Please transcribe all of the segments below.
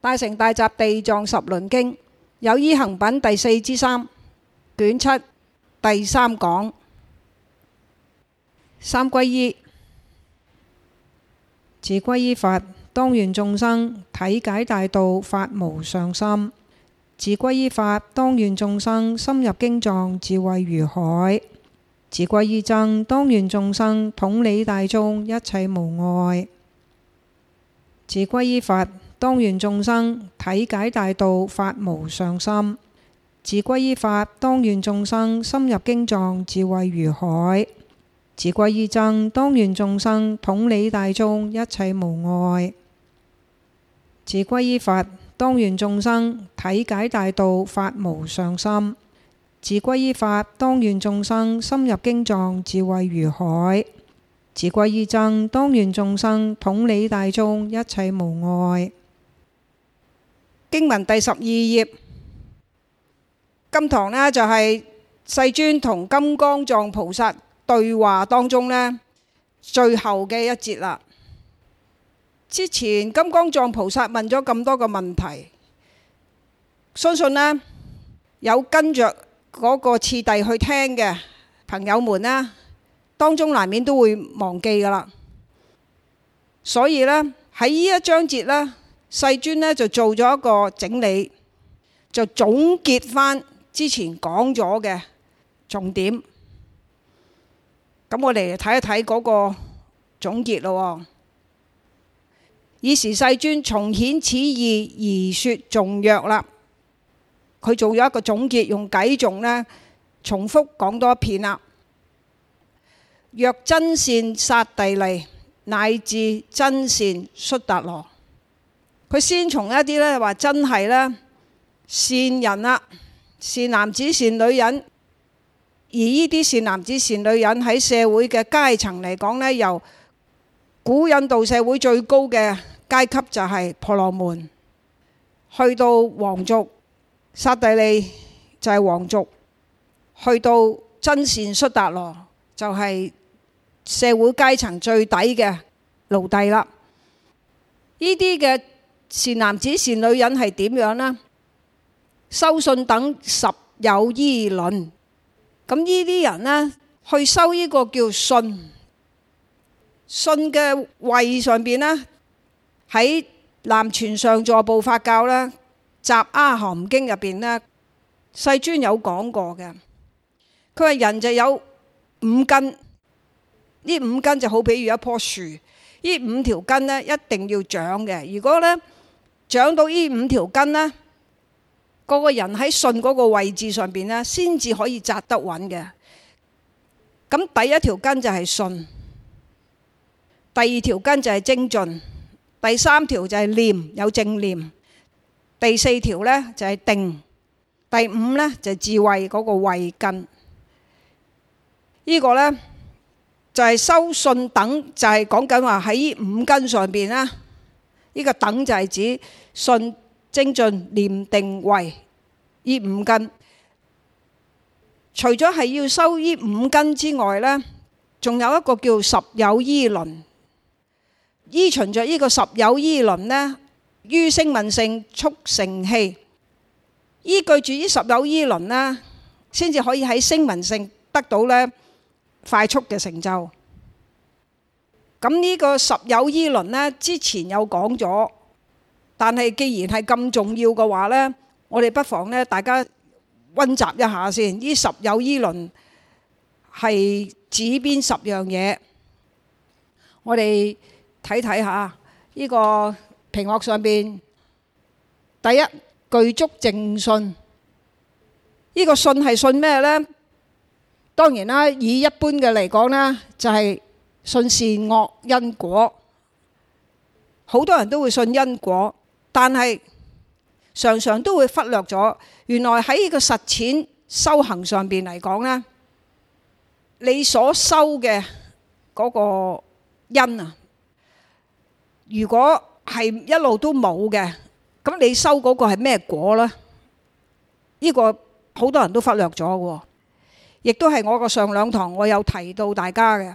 大乘大集地藏十輪經有依行品第四之三，卷七，第三講，三歸依，自歸依佛，當願眾生體解大道，發無上心；自歸依法，當願眾生深入經藏，智慧如海；自歸依僧，當願眾生統理大眾，一切無礙。自歸依佛。當願眾生體解大道，發無上心；自歸依法，當願眾生深入經藏，智慧如海；自歸依僧，當願眾生統理大眾，一切無礙；自歸依佛，當願眾生體解大道，發無上心；自歸依法，當願眾生深入經藏，智慧如海；自歸依僧，當願眾生統理大眾，一切無礙。經文第十二頁，今堂呢就係世尊同金剛藏菩薩對話當中呢最後嘅一節啦。之前金剛藏菩薩問咗咁多個問題，相信呢有跟着嗰個次第去聽嘅朋友們呢，當中難免都會忘記噶啦。所以呢喺呢一章節呢。世尊呢就做咗一個整理，就總結返之前講咗嘅重點。咁我哋睇一睇嗰個總結咯。爾時世尊重顯此義而説頌曰啦，佢做咗一個總結，用偈頌呢，重複講多一遍啦。若真善剎帝利，乃至真善戌達羅。佢先從一啲呢，話真係呢善人啦，善男子善女人，而呢啲善男子善女人喺社會嘅階層嚟講呢由古印度社會最高嘅階級就係婆羅門，去到皇族，剎帝利就係皇族，去到真善戌達羅就係、是、社會階層最底嘅奴隸啦。呢啲嘅。善男子善女人係點樣呢？修信等十有依輪，咁呢啲人呢去修呢個叫信，信嘅位上邊呢？喺南傳上座部佛教呢，《雜阿含經》入邊呢，世尊有講過嘅。佢話人就有五根，呢五根就好比如一棵樹，呢五條根呢一定要長嘅。如果呢？長到呢五條根呢，個個人喺信嗰個位置上邊咧，先至可以扎得穩嘅。咁第一條根就係信，第二條根就係精進，第三條就係念有正念，第四條呢就係定，第五呢就係智慧嗰個慧根。呢、這個呢就係修信等，就係講緊話喺五根上邊咧。呢個等就係指信、精進、念、定、慧呢五根，除咗係要修呢五根之外咧，仲有一個叫十有依輪。依循著呢個十有依輪咧，於聲聞乘速成器，依據住呢十有依輪咧，先至可以喺聲聞乘得到咧快速嘅成就。咁呢個十有依輪呢，之前有講咗，但係既然係咁重要嘅話呢，我哋不妨咧大家溫習一下先。呢十有依輪係指邊十樣嘢？我哋睇睇下呢個屏幕上邊。第一，具足淨信。呢、這個信係信咩呢？當然啦，以一般嘅嚟講咧，就係、是。信善惡因果，好多人都會信因果，但係常常都會忽略咗。原來喺個實踐修行上面嚟講咧，你所收嘅嗰個因啊，如果係一路都冇嘅，咁你收嗰個係咩果咧？呢個好多人都忽略咗，亦都係我個上兩堂我有提到大家嘅。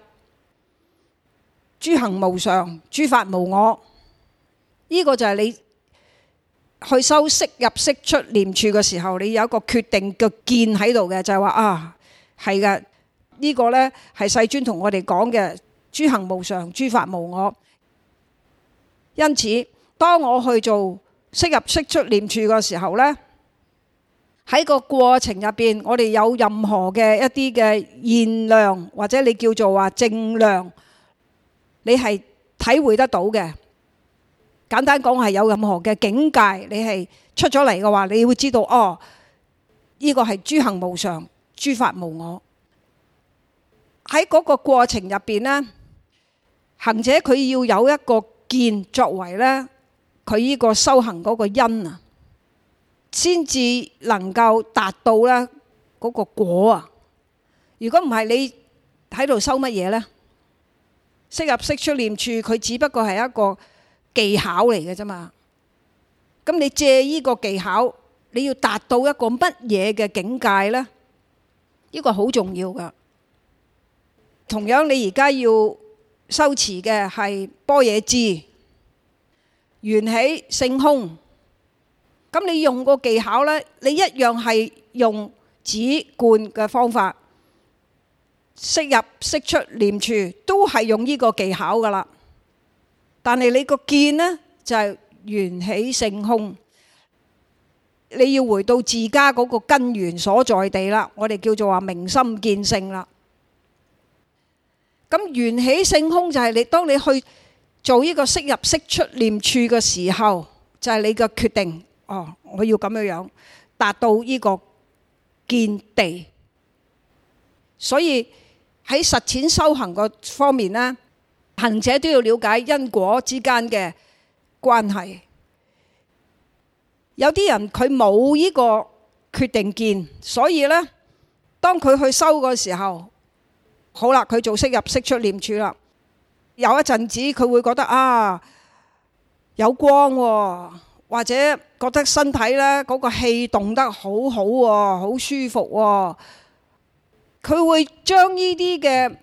諸行無常，諸法無我。呢個就係你去修息入息出念處嘅時候，你有一個決定嘅見喺度嘅，就係話啊，係嘅。呢個呢，係世尊同我哋講嘅，諸行無常，諸法無我。因此，當我去做息入息出念處嘅時候呢，喺個過程入邊，我哋有任何嘅一啲嘅現量，或者你叫做話正量。你係體會得到嘅，簡單講係有任何嘅境界，你係出咗嚟嘅話，你會知道哦，呢個係諸行無常，諸法無我。喺嗰個過程入邊呢，行者佢要有一個見作為呢，佢呢個修行嗰個因啊，先至能夠達到呢嗰個果啊。如果唔係，你喺度修乜嘢呢？息入息出念處，佢只不過係一個技巧嚟嘅啫嘛。咁你借呢個技巧，你要達到一個乜嘢嘅境界呢？呢個好重要㗎。同樣你而家要修持嘅係般若智、緣起性空。咁你用個技巧呢，你一樣係用止觀嘅方法。吸入、吸出、念處都係用呢個技巧噶啦，但係你個見呢就係緣起性空，你要回到自家嗰個根源所在地啦。我哋叫做話明心見性啦。咁緣起性空就係你當你去做呢個息入、息出、念處嘅時候，就係你個決定。哦，我要咁樣樣達到呢個見地，所以。喺實踐修行個方面呢，行者都要了解因果之間嘅關係。有啲人佢冇呢個決定見，所以呢，當佢去修個時候，好啦，佢做識入識出念處啦。有一陣子佢會覺得啊，有光，哦，或者覺得身體呢嗰個氣動得好好，哦，好舒服，哦。佢會將呢啲嘅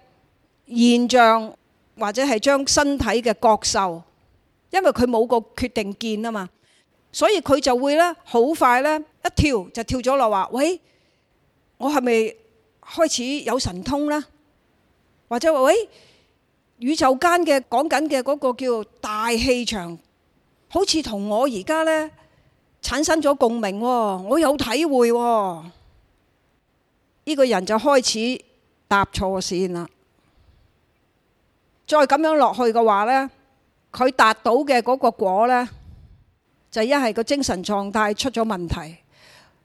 現象，或者係將身體嘅覺受，因為佢冇個決定見啊嘛，所以佢就會咧好快咧一跳就跳咗落話，喂，我係咪開始有神通咧？或者話喂，宇宙間嘅講緊嘅嗰個叫大氣場，好似同我而家咧產生咗共鳴喎，我有體會喎。呢個人就開始搭錯線啦。再咁樣落去嘅話呢，佢達到嘅嗰個果呢，就一係個精神狀態出咗問題，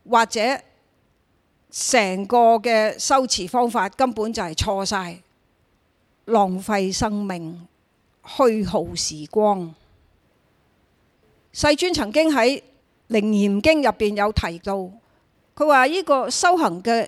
或者成個嘅修持方法根本就係錯晒，浪費生命、虛耗時光。世尊曾經喺《楞嚴經》入邊有提到，佢話：呢個修行嘅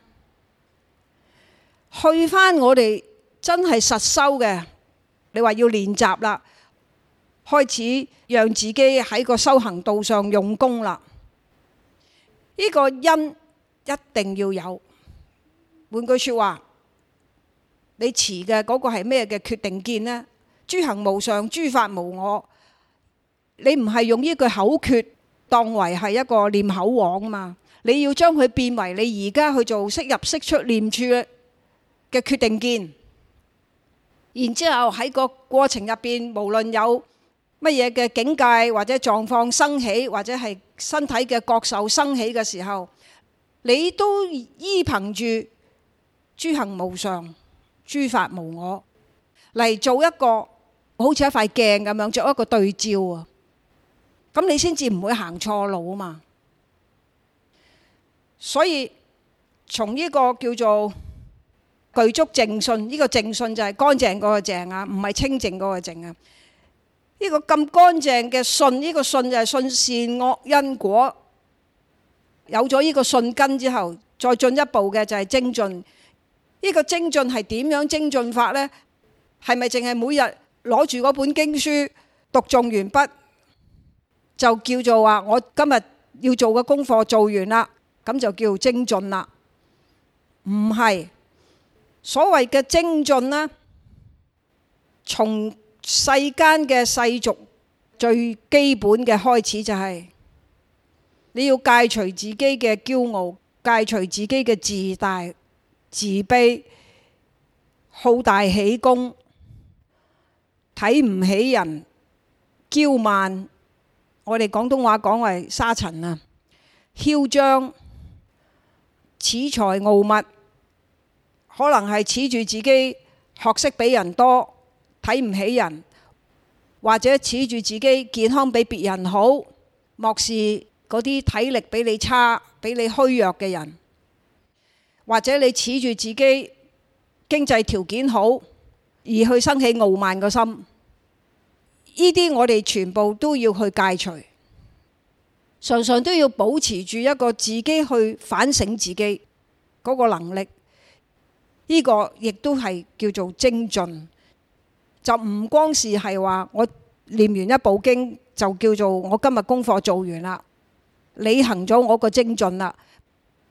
去翻我哋真係實修嘅，你話要練習啦，開始讓自己喺個修行道上用功啦。呢、這個因一定要有。換句説話，你持嘅嗰個係咩嘅決定見呢？諸行無常，諸法無我。你唔係用呢句口訣當為係一個念口簧啊嘛？你要將佢變為你而家去做，識入識出念處嘅決定見，然之後喺個過程入邊，無論有乜嘢嘅境界或者狀況生起，或者係身體嘅覺受生起嘅時候，你都依憑住諸行無常、諸法無我嚟做一個好似一塊鏡咁樣作一個對照啊！咁你先至唔會行錯路啊嘛。所以從呢個叫做……具足淨信，呢個淨信就係乾淨嗰個淨啊，唔係清淨嗰個淨啊。呢個咁乾淨嘅信，呢個信就係信善惡因果。有咗呢個信根之後，再進一步嘅就係精進。呢個精進係點樣精進法呢？係咪淨係每日攞住嗰本經書讀，讀誦完畢就叫做話我今日要做嘅功課做完啦，咁就叫精進啦？唔係。所謂嘅精進呢，從世間嘅世俗最基本嘅開始就係、是、你要戒除自己嘅驕傲，戒除自己嘅自大、自卑、好大喜功、睇唔起人、驕慢。我哋廣東話講為沙塵啊，囂張、恃才傲物。可能係恃住自己學識比人多，睇唔起人；或者恃住自己健康比別人好，漠視嗰啲體力比你差、比你虛弱嘅人；或者你恃住自己經濟條件好，而去生起傲慢嘅心。呢啲我哋全部都要去戒除，常常都要保持住一個自己去反省自己嗰個能力。呢個亦都係叫做精進，就唔光是係話我念完一部經就叫做我今日功課做完啦，履行咗我個精進啦，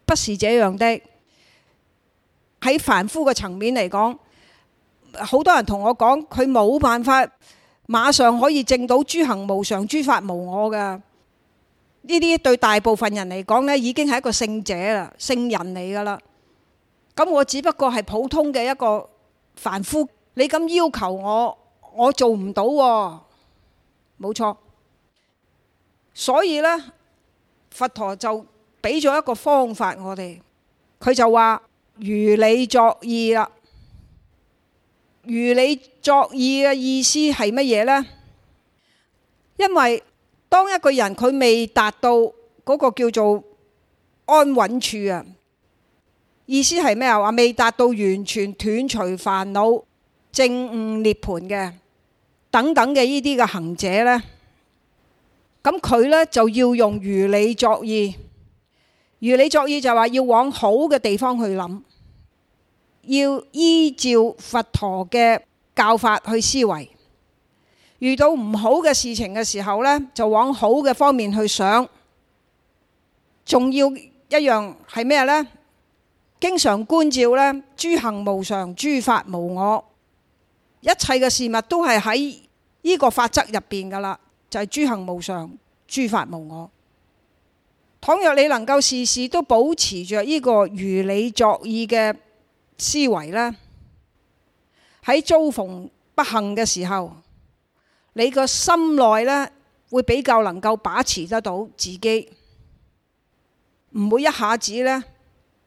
不是這樣的。喺凡夫嘅層面嚟講，好多人同我講佢冇辦法馬上可以證到諸行無常、諸法無我嘅。呢啲對大部分人嚟講呢已經係一個聖者啦、聖人嚟㗎啦。咁我只不過係普通嘅一個凡夫，你咁要求我，我做唔到喎，冇錯。所以呢，佛陀就俾咗一個方法我哋，佢就話如理作意啦。如理作意嘅意思係乜嘢呢？因為當一個人佢未達到嗰個叫做安穩處啊。意思係咩啊？話未達到完全斷除煩惱、證悟涅槃嘅等等嘅呢啲嘅行者呢，咁佢呢就要用如理作意，如理作意就係話要往好嘅地方去諗，要依照佛陀嘅教法去思維。遇到唔好嘅事情嘅時候呢，就往好嘅方面去想。仲要一樣係咩呢？經常觀照呢，諸行無常，諸法無我，一切嘅事物都係喺呢個法則入邊噶啦，就係諸行無常，諸法無我。倘若你能夠事事都保持著呢個如理作意嘅思維呢，喺遭逢不幸嘅時候，你個心內呢會比較能夠把持得到自己，唔會一下子呢。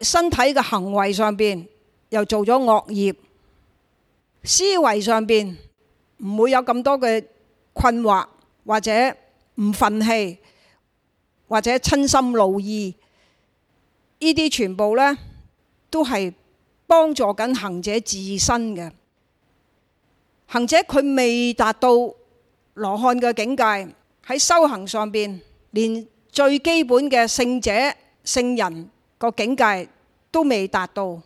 身體嘅行為上邊又做咗惡業，思維上邊唔會有咁多嘅困惑，或者唔忿氣，或者親心怒意，呢啲全部呢都係幫助緊行者自身嘅。行者佢未達到羅漢嘅境界，喺修行上邊連最基本嘅聖者、聖人。個境界都未達到，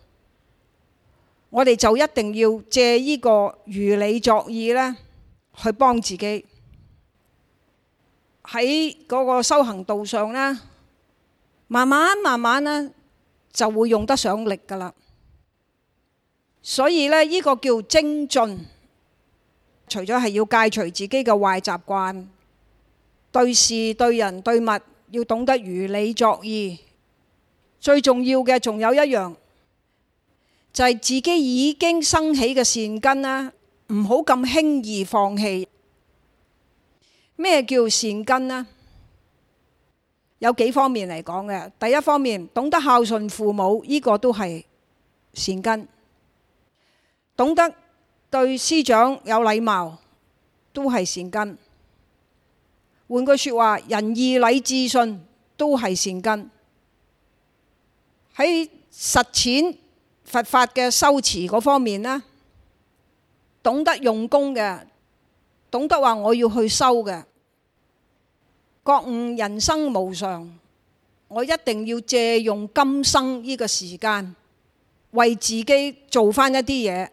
我哋就一定要借呢個如理作意呢去幫自己喺嗰個修行道上呢，慢慢慢慢呢就會用得上力㗎喇。所以呢，呢個叫精進。除咗係要戒除自己嘅壞習慣，對事對人對物要懂得如理作意。最重要嘅仲有一樣，就係、是、自己已經生起嘅善根啦，唔好咁輕易放棄。咩叫善根呢？有幾方面嚟講嘅。第一方面，懂得孝順父母，呢、這個都係善根；懂得對師長有禮貌，都係善根。換句說話，仁義禮智信都係善根。喺實踐佛法嘅修持嗰方面呢，懂得用功嘅，懂得話我要去修嘅，覺悟人生無常，我一定要借用今生呢個時間，為自己做翻一啲嘢。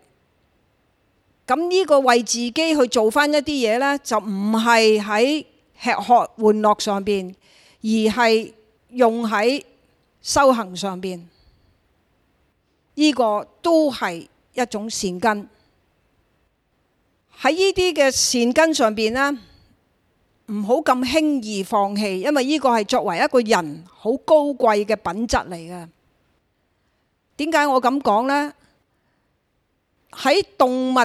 咁、這、呢個為自己去做翻一啲嘢呢，就唔係喺吃喝玩樂上邊，而係用喺。修行上邊，呢個都係一種善根。喺呢啲嘅善根上邊呢，唔好咁輕易放棄，因為呢個係作為一個人好高貴嘅品質嚟嘅。點解我咁講呢？喺動物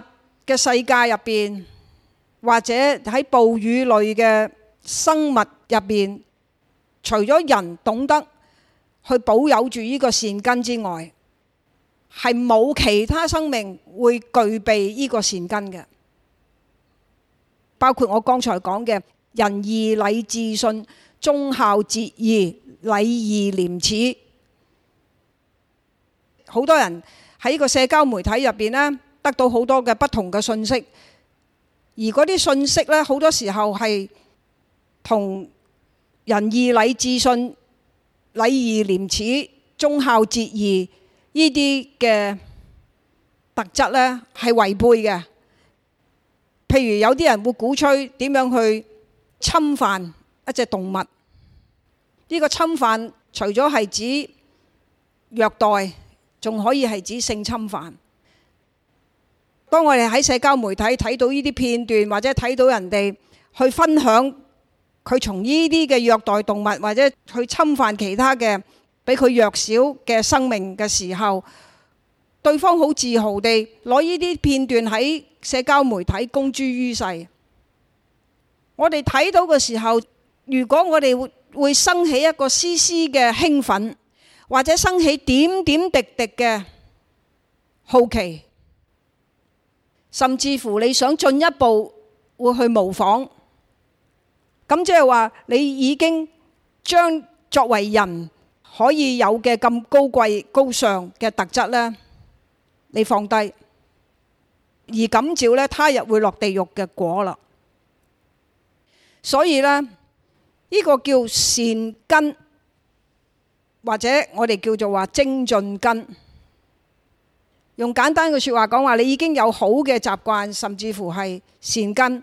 嘅世界入邊，或者喺哺乳類嘅生物入邊，除咗人懂得去保有住呢個善根之外，係冇其他生命會具備呢個善根嘅。包括我剛才講嘅仁義禮智信、忠孝節義、禮義廉恥。好多人喺呢個社交媒體入邊咧，得到好多嘅不同嘅信息，而嗰啲信息咧，好多時候係同仁義禮智信。禮義廉恥，恥、忠孝節義，呢啲嘅特質呢係違背嘅。譬如有啲人會鼓吹點樣去侵犯一隻動物，呢、呢個侵犯除咗係指虐待，仲可以係指性侵犯。當我哋喺社交媒體睇到呢啲片段，或者睇到人哋去分享。佢從呢啲嘅虐待動物，或者去侵犯其他嘅比佢弱小嘅生命嘅時候，對方好自豪地攞呢啲片段喺社交媒體公諸於世。我哋睇到嘅時候，如果我哋會生起一個絲絲嘅興奮，或者生起點點滴滴嘅好奇，甚至乎你想進一步會去模仿。咁即係話你已經將作為人可以有嘅咁高貴高尚嘅特質呢，你放低，而感召呢，他日會落地獄嘅果啦。所以呢，呢個叫善根，或者我哋叫做話精進根。用簡單嘅說話講話，你已經有好嘅習慣，甚至乎係善根。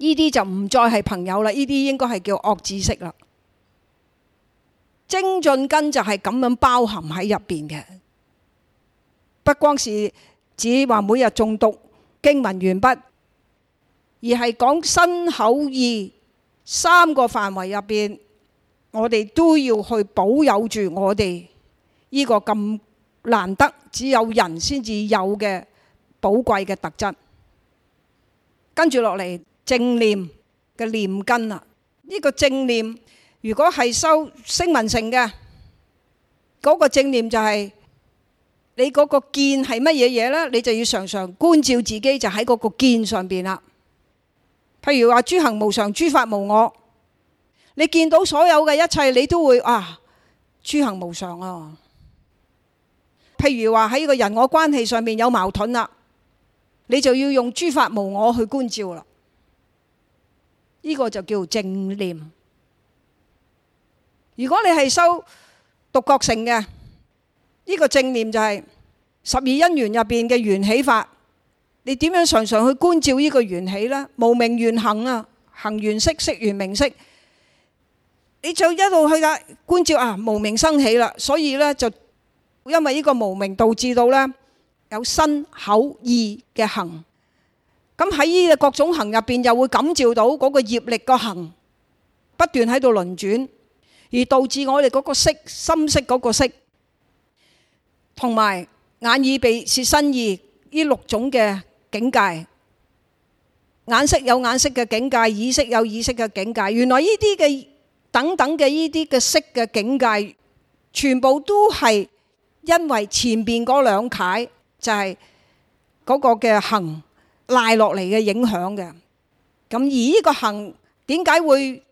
呢啲就唔再係朋友啦，呢啲應該係叫惡知識啦。精進根就係咁樣包含喺入邊嘅，不光是指話每日中讀經文完畢，而係講身口意三個範圍入邊，我哋都要去保有住我哋呢個咁難得只有人先至有嘅寶貴嘅特質。跟住落嚟。正念嘅念根啊，呢個正念如果係修聲聞乘嘅，嗰個正念就係你嗰個見係乜嘢嘢呢？你就要常常觀照自己，就喺嗰個見上面啦。譬如話諸行無常，諸法無我，你見到所有嘅一切，你都會啊，諸行無常啊。譬如話喺個人我關係上面有矛盾啦，你就要用諸法無我去觀照啦。呢個就叫正念。如果你係修獨覺乘嘅，呢個正念就係十二因緣入邊嘅緣起法。你點樣常常去觀照呢個緣起咧？無明緣行啊，行緣識，識緣名色，你就一路去啊觀照啊無明生起啦。所以咧就因為呢個無明導致到咧有身口意嘅行。咁喺呢嘅各種行入邊，又會感召到嗰個業力個行不斷喺度輪轉，而導致我哋嗰個色深色嗰個色，同埋眼耳鼻舌身意呢六種嘅境界，眼色有眼色嘅境界，耳色有耳色嘅境界。原來呢啲嘅等等嘅呢啲嘅色嘅境界，全部都係因為前邊嗰兩楷就係嗰個嘅行。賴落嚟嘅影響嘅，咁而呢個行點解會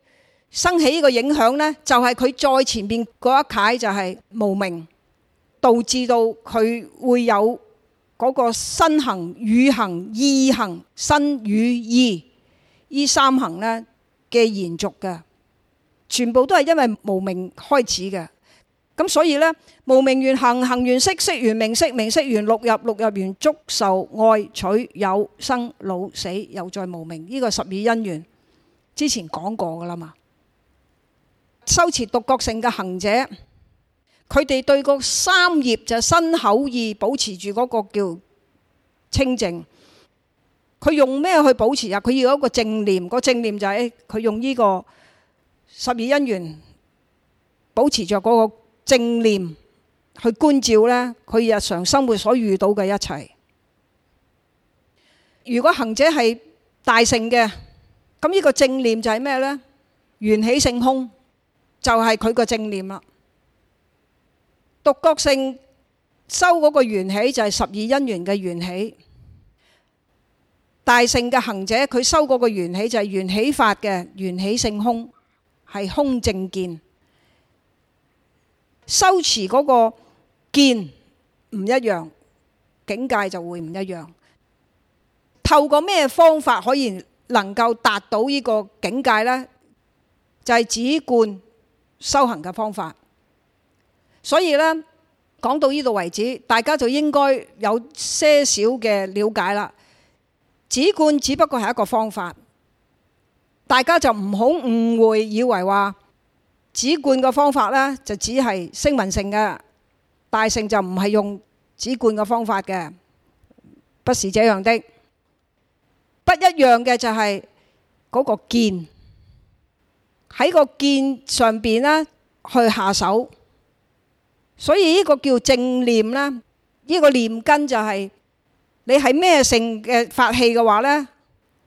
生起呢個影響呢？就係、是、佢再前邊嗰一楷，就係無明，導致到佢會有嗰個身行、語行、意行、身語意呢三行呢嘅延續嘅，全部都係因為無明開始嘅。咁所以呢，無明緣行，行緣識，識緣名色，名色緣六入，六入緣觸、受、愛、取、有、生、老死，又再無明，呢個十二因緣之前講過噶啦嘛。修持獨覺乘嘅行者，佢哋對個三業就身口意保持住嗰個叫清淨。佢用咩去保持啊？佢要一個正念，個正念就係佢用呢個十二因緣保持著嗰個。正念去觀照咧，佢日常生活所遇到嘅一切。如果行者係大乘嘅，咁呢個正念就係咩呢？緣起性空就係佢個正念啦。獨覺乘修嗰個緣起就係十二因緣嘅緣起。大乘嘅行者佢修嗰個緣起就係緣起法嘅緣起性空，係，就是、空，空正見。修持嗰個見唔一樣，境界就會唔一樣。透過咩方法可以能夠達到呢個境界呢？就係止觀修行嘅方法。所以呢，講到呢度為止，大家就應該有些少嘅了解啦。止觀只不過係一個方法，大家就唔好誤會，以為話，止觀嘅方法咧，就只係聲聞性嘅，大乘，就唔係用止觀嘅方法嘅，不是這樣的。不一樣嘅就係嗰個見，喺個見上邊咧去下手，所以呢個叫正念啦。呢個念根就係你係咩性嘅法器嘅話咧，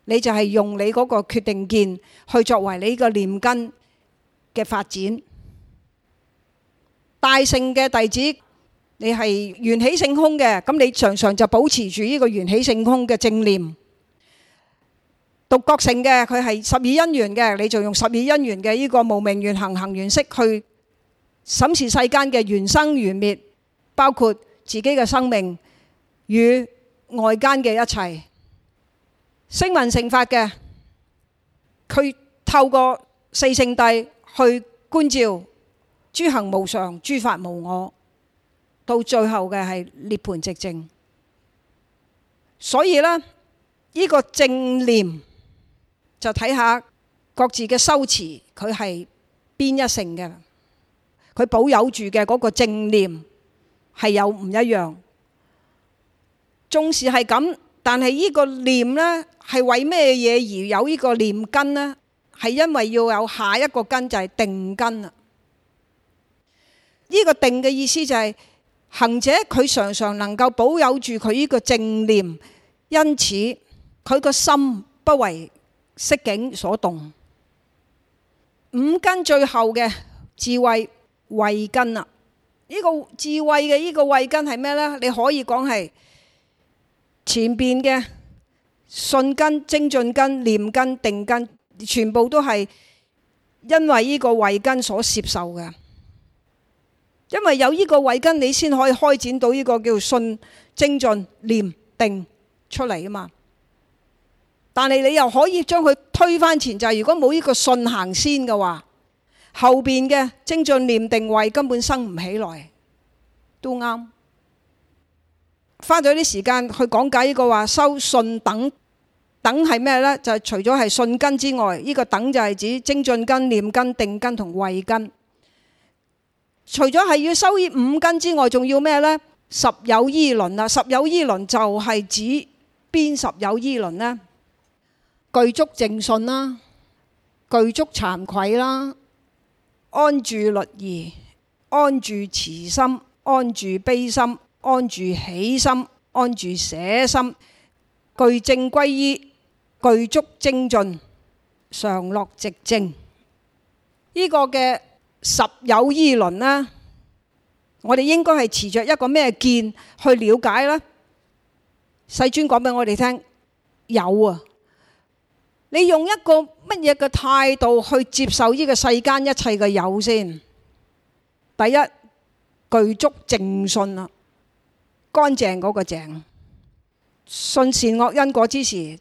你就係用你嗰個決定見去作為你嘅念根。嘅發展，大乘嘅弟子，你係緣起性空嘅，咁你常常就保持住呢個緣起性空嘅正念。獨覺乘嘅佢係十二因緣嘅，你就用十二因緣嘅呢個無明緣行，行緣識去審視世間嘅緣生緣滅，包括自己嘅生命與外間嘅一切。聲聞乘法嘅佢透過四聖諦。去觀照諸行無常，諸法無我，到最後嘅係涅槃寂靜。所以呢，呢、這個正念就睇下各自嘅修持，佢係邊一性嘅，佢保有住嘅嗰個正念係有唔一樣。縱使係咁，但係呢個念呢，係為咩嘢而有呢個念根呢？係因為要有下一個根就係定根啦。呢個定嘅意思就係行者佢常常能夠保有住佢呢個正念，因此佢個心不為色境所動。五根最後嘅智慧慧根啦。呢個智慧嘅呢個慧根係咩呢？你可以講係前邊嘅信根、精進根、念根、定根。全部都係因為呢個慧根所攝受嘅。因為有呢個慧根，你先可以開展到呢個叫信精進、念定出嚟啊嘛。但係你又可以將佢推翻前，就係如果冇呢個信行先嘅話，後邊嘅精進、念定、慧根本生唔起來，都啱。花咗啲時間去講解呢個話，修信等。等係咩呢？就係除咗係信根之外，呢、這個等就係指精進根、念根、定根同慧根。除咗係要修呢五根之外，仲要咩呢？十有依輪啊！十有依輪就係指邊十有依輪呢？具足正信啦，具足慚愧啦，安住律儀，安住慈心，安住悲心，安住喜心，安住捨心，具正歸依。具足精進，常樂寂靜。呢、呢個嘅十有依輪呢，我哋應該係持着一個咩見去了解呢？世尊講俾我哋聽，有啊。你用一個乜嘢嘅態度去接受呢個世間一切嘅有先？第一，具足淨信啦，乾淨嗰個淨，信善惡因果之時。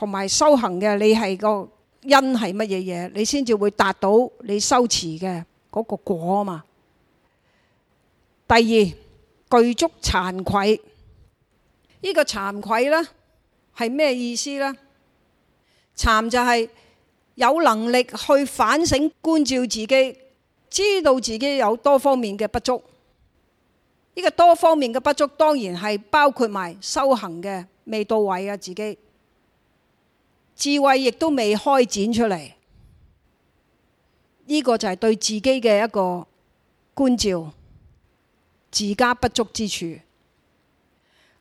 同埋修行嘅，你係個因係乜嘢嘢？你先至會達到你修持嘅嗰個果嘛。第二具足慚愧，呢、這個慚愧呢係咩意思呢？慚就係有能力去反省、觀照自己，知道自己有多方面嘅不足。呢、這個多方面嘅不足，當然係包括埋修行嘅未到位啊，自己。智慧亦都未開展出嚟，呢、這個就係對自己嘅一個觀照，自家不足之處，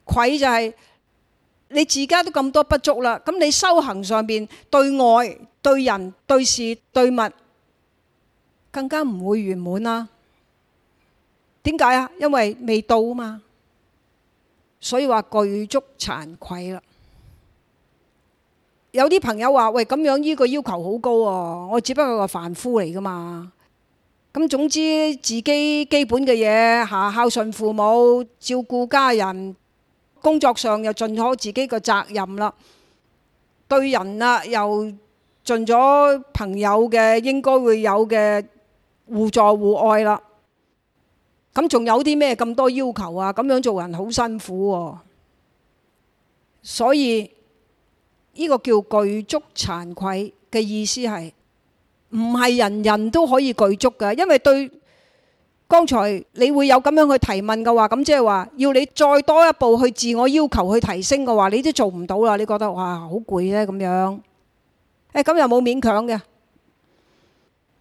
愧就係、是、你自家都咁多不足啦，咁你修行上邊對外對人對事對物更加唔會圓滿啦。點解啊？因為未到啊嘛，所以話具足慚愧啦。有啲朋友話：喂，咁樣呢個要求好高喎！我只不過個凡夫嚟噶嘛。咁總之，自己基本嘅嘢，下孝順父母，照顧家人，工作上又盡咗自己嘅責任啦。對人啦，又盡咗朋友嘅應該會有嘅互助互愛啦。咁仲有啲咩咁多要求啊？咁樣做人好辛苦喎。所以。呢個叫具足慚愧嘅意思係唔係人人都可以具足嘅？因為對剛才你會有咁樣去提問嘅話，咁即係話要你再多一步去自我要求去提升嘅話，你都做唔到啦。你覺得哇，好攰咧咁樣。誒、哎、咁又冇勉強嘅，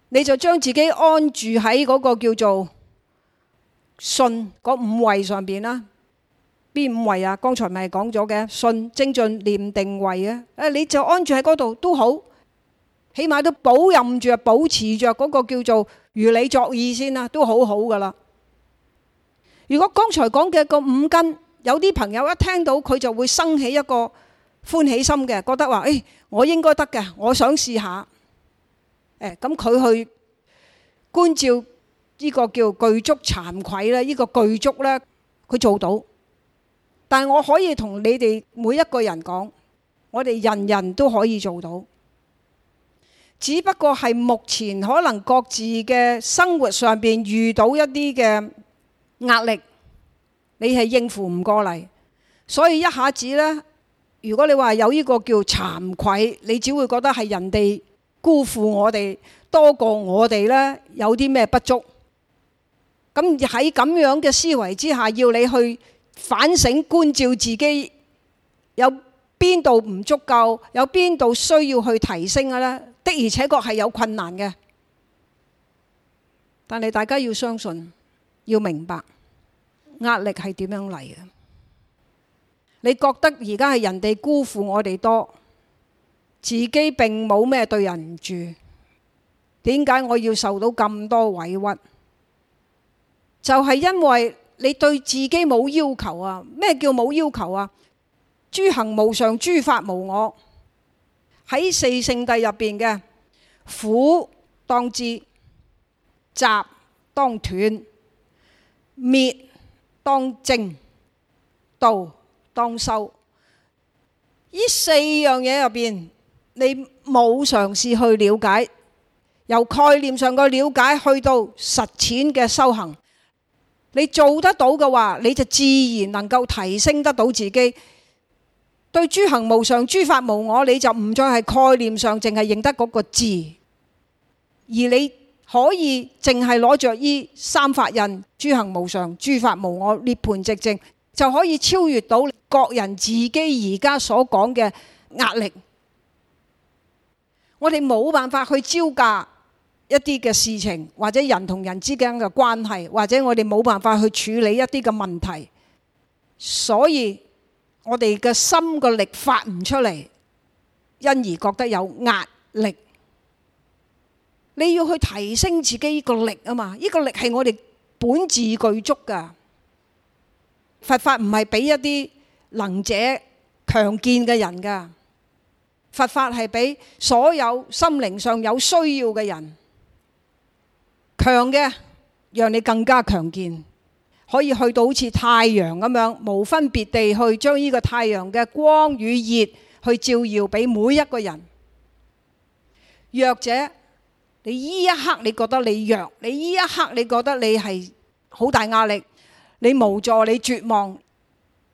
你就將自己安住喺嗰個叫做信嗰、那個、五位上面啦。五位啊，剛才咪講咗嘅信、精進、念、定、慧啊，誒，你就安住喺嗰度都好，起碼都保任住啊，保持着嗰個叫做如理作意先啦，都好好噶啦。如果剛才講嘅個五根，有啲朋友一聽到佢就會生起一個歡喜心嘅，覺得話誒，我應該得嘅，我想試下，誒，咁佢去觀照呢個叫具足慚愧咧，呢個具足呢，佢做到。但係我可以同你哋每一個人講，我哋人人都可以做到，只不過係目前可能各自嘅生活上邊遇到一啲嘅壓力，你係應付唔過嚟，所以一下子呢，如果你話有呢個叫慚愧，你只會覺得係人哋辜負我哋多過我哋呢，有啲咩不足，咁喺咁樣嘅思維之下，要你去，反省、觀照自己，有邊度唔足夠，有邊度需要去提升嘅呢？的而且確係有困難嘅，但係大家要相信，要明白壓力係點樣嚟嘅。你覺得而家係人哋辜負我哋多，自己並冇咩對人唔住，點解我要受到咁多委屈？就係是因為。你對自己冇要求啊？咩叫冇要求啊？諸行無常，諸法無我。喺四聖諦入邊嘅苦當知，集當斷，滅當證，道當修。呢四樣嘢入邊，你冇嘗試去了解，由概念上嘅了解去到實踐嘅修行。你做得到嘅話，你就自然能夠提升得到自己。對諸行無常、諸法無我，你就唔再係概念上，淨係認得嗰個字，而你可以淨係攞着呢三法印、諸行無常、諸法無我，涅槃寂靜，就可以超越到各人自己而家所講嘅壓力。我哋冇辦法去招架一啲嘅事情，或者人同人之間嘅關係，或者我哋冇辦法去處理一啲嘅問題，所以我哋嘅心個力發唔出嚟，因而覺得有壓力。你要去提升自己個力啊嘛！呢個力係我哋本自具足噶，佛法唔係俾一啲能者強健嘅人噶，佛法係俾所有心靈上有需要嘅人。強嘅，讓你更加強健，可以去到好似太陽咁樣，無分別地去將呢個太陽嘅光與熱去照耀俾每一個人。弱者，你依一刻你覺得你弱，你依一刻你覺得你係好大壓力，你無助，你絕望。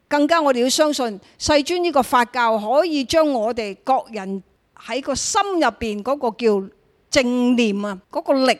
更加我哋要相信世尊呢個法教可以將我哋各人喺個心入邊嗰個叫正念啊，嗰個力。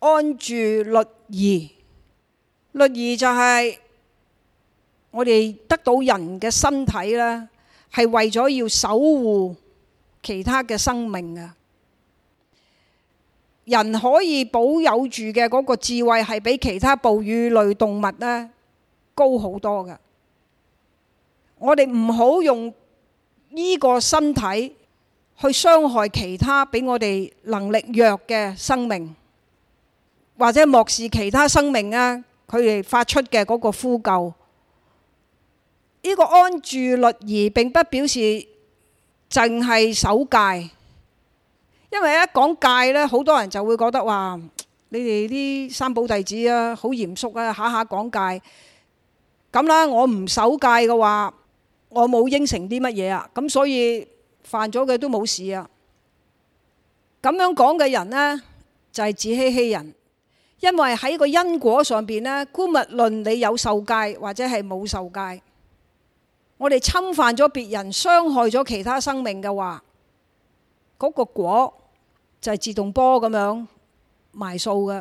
安住律儀，律儀就係我哋得到人嘅身體呢，係為咗要守護其他嘅生命啊！人可以保有住嘅嗰個智慧，係比其他哺乳類動物呢高好多嘅。我哋唔好用呢個身體去傷害其他比我哋能力弱嘅生命。或者漠視其他生命啊！佢哋發出嘅嗰個呼救，呢個安住律儀並不表示淨係守戒，因為一講戒咧，好多人就會覺得話你哋啲三寶弟子啊，好嚴肅啊，下下講戒咁啦。我唔守戒嘅話，我冇應承啲乜嘢啊，咁所以犯咗嘅都冇事啊。咁樣講嘅人咧，就係自欺欺人。因為喺個因果上邊呢，無論你有受戒或者係冇受戒，我哋侵犯咗別人、傷害咗其他生命嘅話，嗰個果就係自動波咁樣埋數嘅，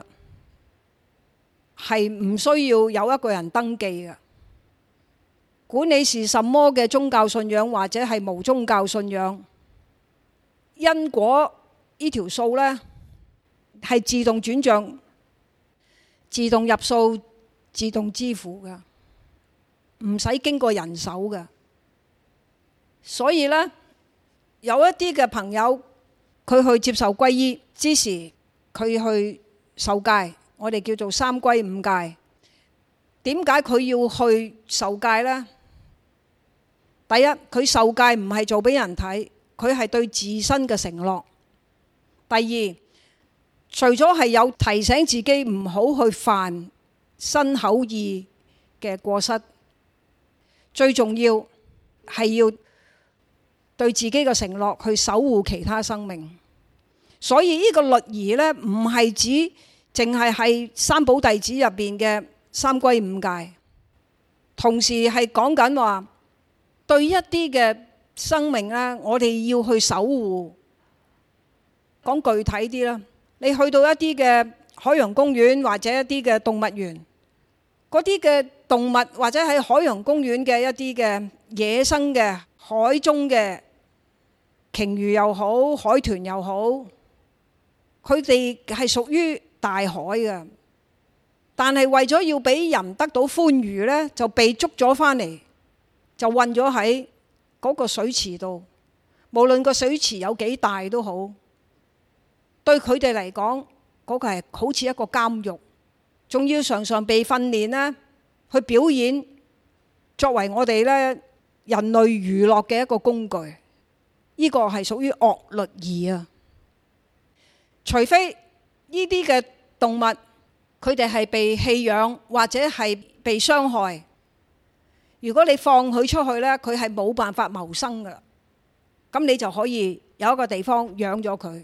係唔需要有一個人登記嘅。管你係什麼嘅宗教信仰或者係無宗教信仰，因果呢條數呢係自動轉賬。自動入數、自動支付噶，唔使經過人手噶。所以呢，有一啲嘅朋友佢去接受皈依之時，佢去受戒，我哋叫做三皈五戒。點解佢要去受戒呢？第一，佢受戒唔係做俾人睇，佢係對自身嘅承諾。第二，除咗係有提醒自己唔好去犯身口意嘅過失，最重要係要對自己嘅承諾去守護其他生命。所以呢個律儀呢，唔係指淨係係三寶弟子入邊嘅三皈五戒，同時係講緊話對一啲嘅生命呢，我哋要去守護。講具體啲啦。你去到一啲嘅海洋公園或者一啲嘅動物園，嗰啲嘅動物或者喺海洋公園嘅一啲嘅野生嘅海中嘅鯨魚又好，海豚又好，佢哋係屬於大海嘅，但係為咗要俾人得到歡愉呢，就被捉咗返嚟，就困咗喺嗰個水池度，無論個水池有幾大都好。對佢哋嚟講，嗰個係好似一個監獄，仲要常常被訓練咧，去表演作為我哋咧人類娛樂嘅一個工具。呢個係屬於惡律儀啊！除非呢啲嘅動物佢哋係被棄養或者係被傷害，如果你放佢出去咧，佢係冇辦法謀生噶，咁你就可以有一個地方養咗佢。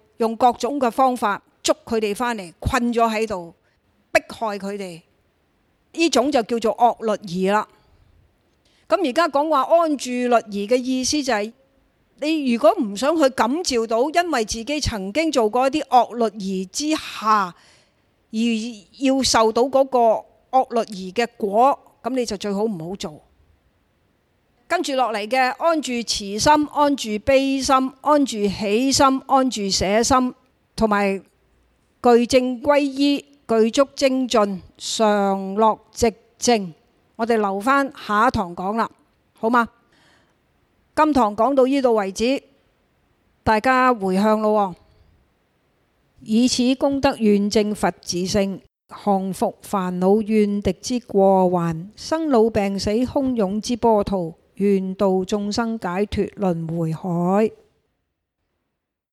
用各種嘅方法捉佢哋返嚟，困咗喺度，迫害佢哋，呢種就叫做惡律儀啦。咁而家講話安住律儀嘅意思就係、是、你如果唔想去感召到，因為自己曾經做過一啲惡律儀之下而要受到嗰個惡律儀嘅果，咁你就最好唔好做。跟住落嚟嘅安住慈心、安住悲心、安住喜心、安住捨心，同埋具正歸依、具足精進、常樂寂靜。我哋留翻下一堂講啦，好嗎？今堂講到呢度為止，大家回向咯。以此功德願證佛自性，降伏煩惱怨，怨敵之過患，生老病死洶湧之波濤。願渡眾生解脫輪回海。